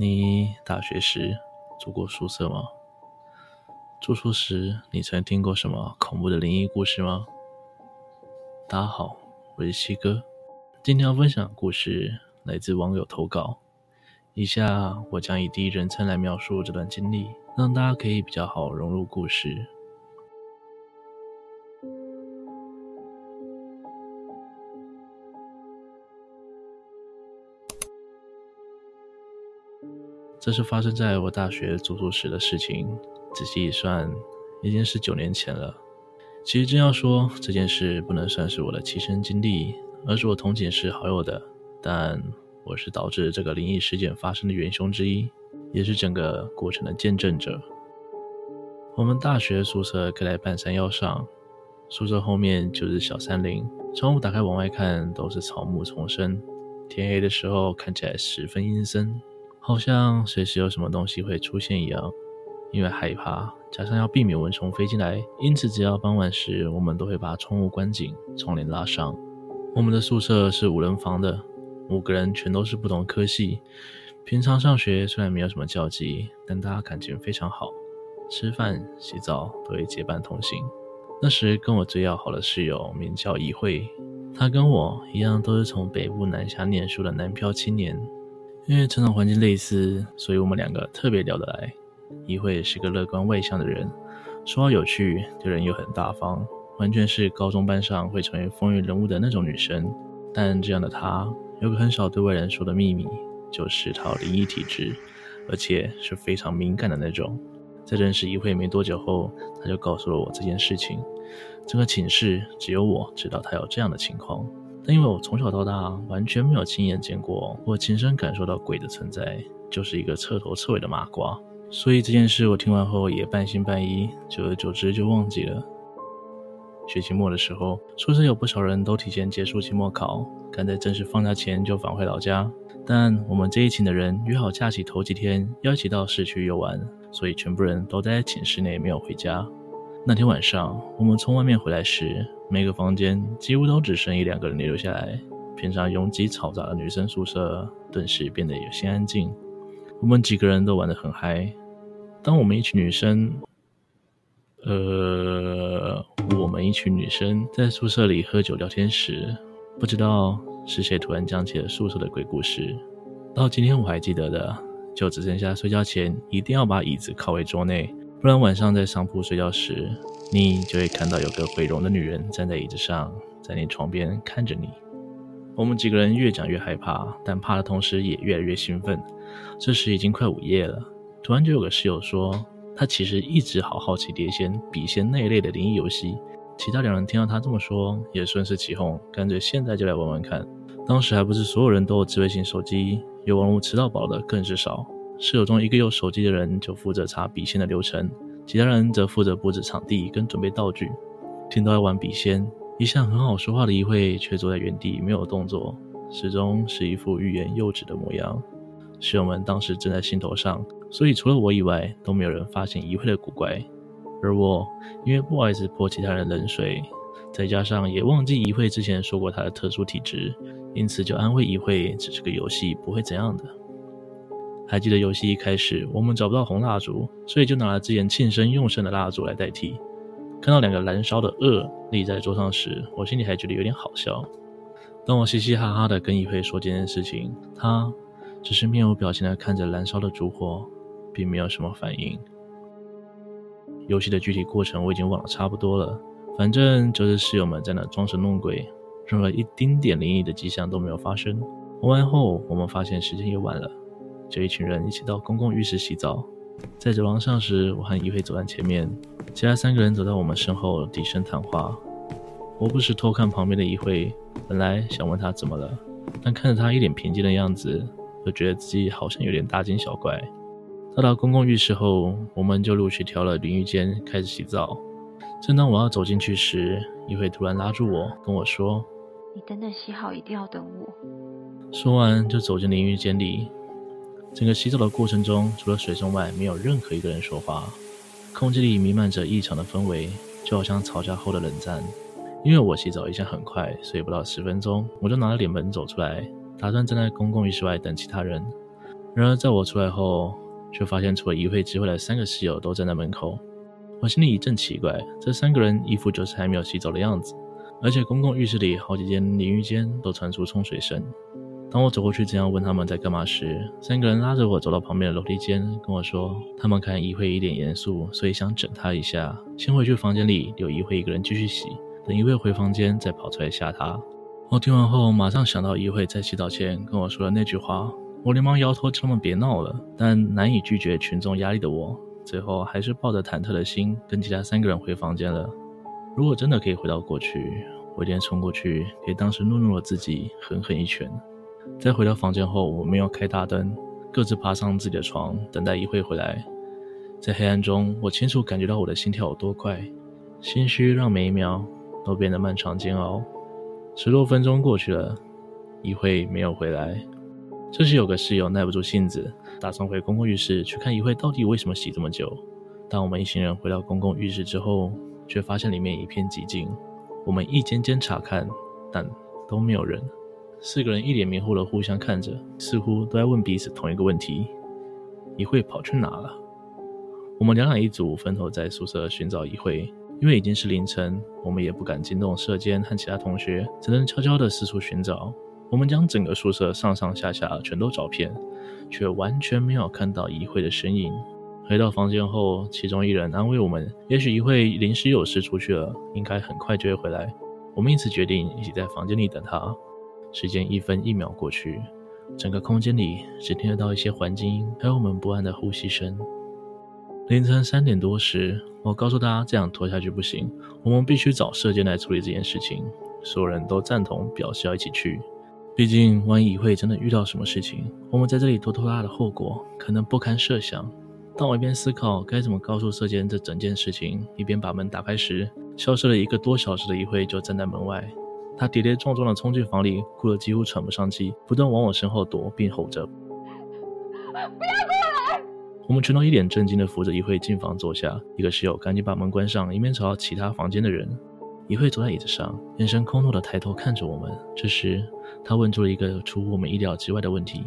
你大學時住過宿舍嗎？住宿時你曾聽過什麼恐怖的靈異故事嗎？大家好，我是希哥，今天要分享的故事來自網友投稿。以下我將以第一人稱來描述這段經歷，讓大家可以比較好融入故事。這是發生在我大學住宿時的事情，仔細一算，已經是九年前了。其實真要說這件事，不能算是我的親身經歷，而是我同寢室好友的。但我是導致這個靈異事件發生的元兇之一，也是整個過程的見證者。我們大學宿舍隔在半山腰上，宿舍後面就是小山林，窗戶打開往外看都是草木叢生，天黑的時候看起來十分陰森。好像隨時有什麼東西會出現一樣，因為害怕，加上要避免蚊蟲飛進來，因此只要傍晚時，我們都會把窗戶關緊，窗簾拉上。我們的宿舍是五人房的，五個人全都是不同科系。平常上學雖然沒有什麼交集，但大家感情非常好，吃飯、洗澡都會結伴同行。那時跟我最要好的室友名叫怡慧，她跟我一樣都是從北部南下念書的南漂青年。因為成長環境類似，所以我們兩個特別聊得來。一慧是個樂觀外向的人，說話有趣，對人又很大方，完全是高中班上會成為風雲人物的那種女生。但這樣的她有個很少對外人說的秘密，就是她有靈異體質，而且是非常敏感的那種。在認識一慧沒多久後，她就告訴了我這件事情。整、這個寢室只有我知道她有這樣的情況。但因為我從小到大完全沒有親眼見過或親身感受到鬼的存在，就是一個徹頭徹尾的麻瓜。所以這件事我聽完後也半信半疑，久而久之就忘記了。學期末的時候，宿舍有不少人都提前結束期末考，趕在正式放假前就返回老家。但我們這一群的人約好假期頭幾天要一起到市區遊玩，所以全部人都在寢室內沒有回家。那天晚上，我們從外面回來時，每個房間幾乎都只剩一兩個人留下來。平常擁擠嘈雜的女生宿舍頓時變得有些安靜。我們幾個人都玩得很嗨。當我們一群女生，呃，我們一群女生在宿舍裡喝酒聊天時，不知道是誰突然講起了宿舍的鬼故事。到今天我還記得的，就只剩下睡覺前一定要把椅子靠回桌內。不然晚上在上鋪睡覺時，你就會看到有個毀容的女人站在椅子上，在你床邊看着你。我們幾個人越講越害怕，但怕的同時也越來越興奮。這時已經快午夜了，突然就有個室友說，他其實一直好好奇碟仙、筆仙那一類的靈異遊戲。其他兩人聽到他這麼說，也順勢起哄，乾脆現在就來玩玩看。當時還不是所有人都有智慧型手機，有網路吃到飽的更是少。室友中一個有手機的人就負責查筆仙的流程，其他人則負責布置場地跟準備道具。聽到要玩筆仙，一向很好說話的儀惠卻坐在原地沒有動作，始終是一副欲言又止的模樣。室友們當時正在興頭上，所以除了我以外都沒有人發現儀惠的古怪。而我因為不好意思潑其他人冷水，再加上也忘記儀惠之前說過他的特殊體質，因此就安慰儀惠只是個遊戲，不會怎樣的。還記得遊戲一開始，我們找不到紅蠟燭，所以就拿了之前慶生用剩的蠟燭來代替。看到兩個燃燒的惡立在桌上時，我心裡還覺得有點好笑。當我嘻嘻哈哈的跟一輝說這件事情，她只是面無表情的看着燃燒的燭火，並沒有什麼反應。遊戲的具體過程我已經忘了差不多了，反正就是室友們在那裝神弄鬼，任何一丁點靈異的跡象都沒有發生。玩完後，我們發現時間也晚了。就一群人一起到公共浴室洗澡，在走廊上時，我和一惠走在前面，其他三個人走在我們身後低聲談話。我不時偷看旁邊的一惠，本來想問他怎麼了，但看着他一臉平靜的樣子，又覺得自己好像有點大驚小怪。到達公共浴室後，我們就陸續挑了淋浴間開始洗澡。正當我要走進去時，一惠突然拉住我，跟我說：“你等等，洗好一定要等我。”說完就走進淋浴間裡。整個洗澡的過程中，除了水聲外，沒有任何一個人說話。空氣裡彌漫着異常的氛圍，就好像吵架後的冷戰。因為我洗澡一向很快，所以不到十分鐘，我就拿了臉盆走出來，打算站在公共浴室外等其他人。然而，在我出來後，卻發現除了怡慧之外的三個室友都站在門口。我心裡一陣奇怪，這三個人一副就是還沒有洗澡的樣子，而且公共浴室裡好幾間淋浴間都傳出沖水聲。當我走過去，正要問他們在幹嘛時，三個人拉着我走到旁邊的樓梯間，跟我說他們看依慧一臉嚴肅，所以想整她一下。先回去房間裡，留依慧一個人繼續洗。等依慧回房間，再跑出來嚇她。我聽完後，馬上想到依慧在洗澡前跟我說的那句話，我連忙搖頭，叫他們別鬧了。但難以拒絕群眾壓力的我，最後還是抱着忐忑的心，跟其他三個人回房間了。如果真的可以回到過去，我一定衝過去給當時懦弱的自己狠狠一拳。在回到房間後，我沒有開大燈，各自爬上自己的床，等待一慧回來。在黑暗中，我清楚感覺到我的心跳有多快，心虛讓每一秒都變得漫長煎熬。十多分鐘過去了，一慧沒有回來。這時，有個室友耐不住性子，打算回公共浴室去看一慧到底為什麼洗這麼久。當我們一行人回到公共浴室之後，卻發現裡面一片寂靜。我們一間間查看，但都沒有人。四個人一臉迷糊地互相看着，似乎都在問彼此同一個問題：“儀慧跑去哪了？”我們兩兩一組，分頭在宿舍尋找儀慧。因為已經是凌晨，我們也不敢驚動舍監和其他同學，只能悄悄地四處尋找。我們將整個宿舍上上下下全都找遍，卻完全沒有看到儀慧的身影。回到房間後，其中一人安慰我們：“也許儀慧臨時有事出去了，應該很快就會回來。”我們因此決定一起在房間裡等她。時間一分一秒過去，整個空間裡只聽得到一些環境音，還有我們不安的呼吸聲。凌晨三點多時，我告訴他這樣拖下去不行，我們必須找舍監來處理這件事情。所有人都贊同，表示要一起去。畢竟萬一一會真的遇到什麼事情，我們在這裡拖拖拉拉的後果可能不堪設想。當我一邊思考該怎麼告訴舍監這整件事情，一邊把門打開時，消失了一個多小時的議會就站在門外。他跌跌撞撞的衝進房裡，哭得幾乎喘不上氣，不斷往我身後躲，並吼着：“不要過來！”我們全都一臉震驚地扶着一慧進房坐下，一個室友趕緊把門關上，一面朝其他房間的人。一慧坐在椅子上，眼神空洞的抬頭看着我們。這時，他問出了一個出乎我們意料之外的問題：“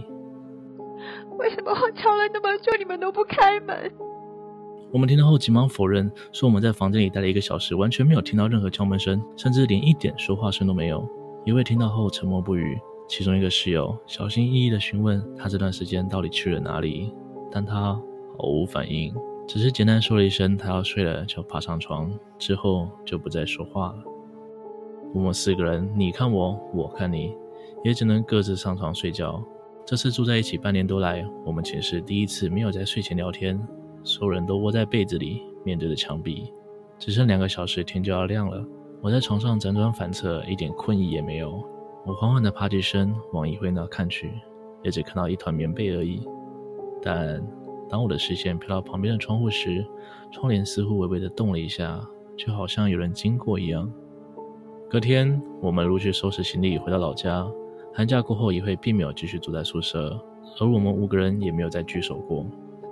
為什麼我敲了那麼久，你們都不開門？”我們聽到後急忙否認，說我們在房間裡待了一個小時，完全沒有聽到任何敲門聲，甚至連一點說話聲都沒有。一位聽到後沉默不語，其中一個室友小心翼翼地詢問他這段時間到底去了哪裡，但他毫無反應，只是簡單說了一聲“他要睡了”，就爬上床，之後就不再說話了。我們四個人你看我，我看你，也只能各自上床睡覺。這次住在一起半年多來，我們寢室第一次沒有在睡前聊天。所有人都窩在被子裡，面對着牆壁，只剩兩個小時，天就要亮了。我在床上輾轉反側，一點困意也沒有。我緩緩地爬起身，往一輝那看去，也只看到一團棉被而已。但當我的視線飄到旁邊的窗戶時，窗簾似乎微微的動了一下，就好像有人經過一樣。隔天，我們陸續收拾行李回到老家。寒假過後，一輝並沒有繼續住在宿舍，而我們五個人也沒有再聚首過。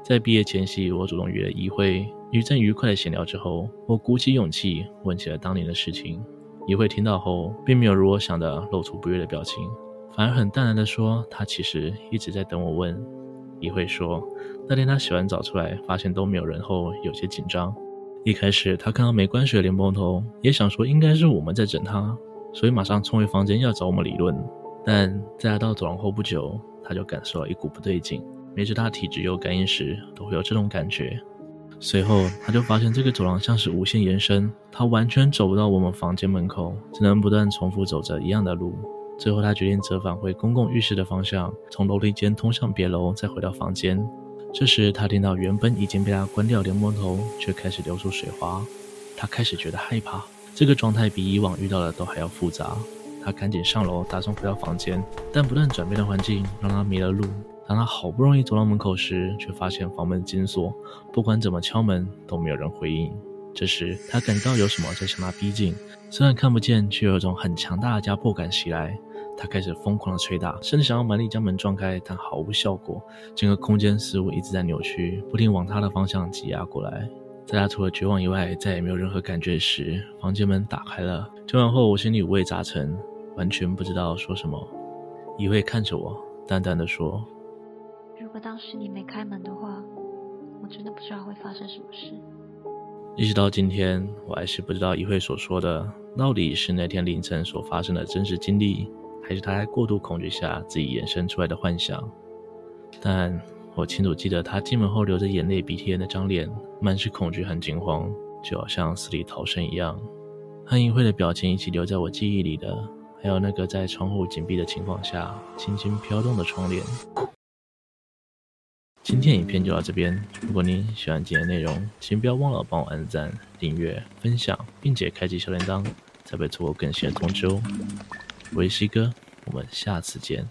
在畢業前夕，我主動約了一輝。與正愉快的閒聊之後，我鼓起勇氣問起了當年的事情。一輝聽到後，並沒有如我想的露出不悅的表情，反而很淡然的說：“他其實一直在等我問。”一輝說：“那天他洗完澡出來，發現都沒有人後，有些緊張。一開始他看到沒關水的蓮蓬頭，也想說應該是我們在整他，所以馬上衝回房間要找我們理論。但在他到走廊後不久，他就感受到一股不對勁。”每次他體質有感應時，都會有這種感覺。隨後，他就發現這個走廊像是無限延伸，他完全走不到我們房間門口，只能不斷重複走着一樣的路。最後，他決定折返回公共浴室的方向，從樓梯間通向別樓，再回到房間。這時，他聽到原本已經被他關掉的蓮蓬頭卻開始流出水花，他開始覺得害怕。這個狀態比以往遇到的都還要複雜。他趕緊上樓，打算回到房間，但不斷轉變的環境讓他迷了路。當他好不容易走到門口時，卻發現房門緊鎖，不管怎麼敲門都沒有人回應。這時他感到有什麼在向他逼近，雖然看不見，卻有一種很強大的壓迫感襲來。他開始瘋狂的捶打，甚至想要蠻力將門撞開，但毫無效果。整個空間似乎一直在扭曲，不停往他的方向擠壓過來。在他除了絕望以外再也沒有任何感覺時，房間門打開了。聽完後，我心裡五味雜陳，完全不知道說什麼。一位看着我，淡淡的說。如果當時你沒開門的話，我真的不知道會發生什麼事。一直到今天，我還是不知道尹慧所說的到底是那天凌晨所發生的真實經歷，還是他在過度恐懼下自己衍生出來的幻想。但我清楚記得，他進門後流着眼淚、鼻涕的那張臉，滿是恐懼和驚慌，就好像死裡逃生一樣。和尹慧的表情一起留在我記憶裡的，還有那個在窗戶緊閉的情況下輕輕飄動的窗簾。今天影片就到這邊。如果您喜歡今天內容，請不要忘了幫我按讚、訂閱、分享，並且開啟小鈴鐺，才不會錯過更新的通知哦。我是西哥，我們下次見。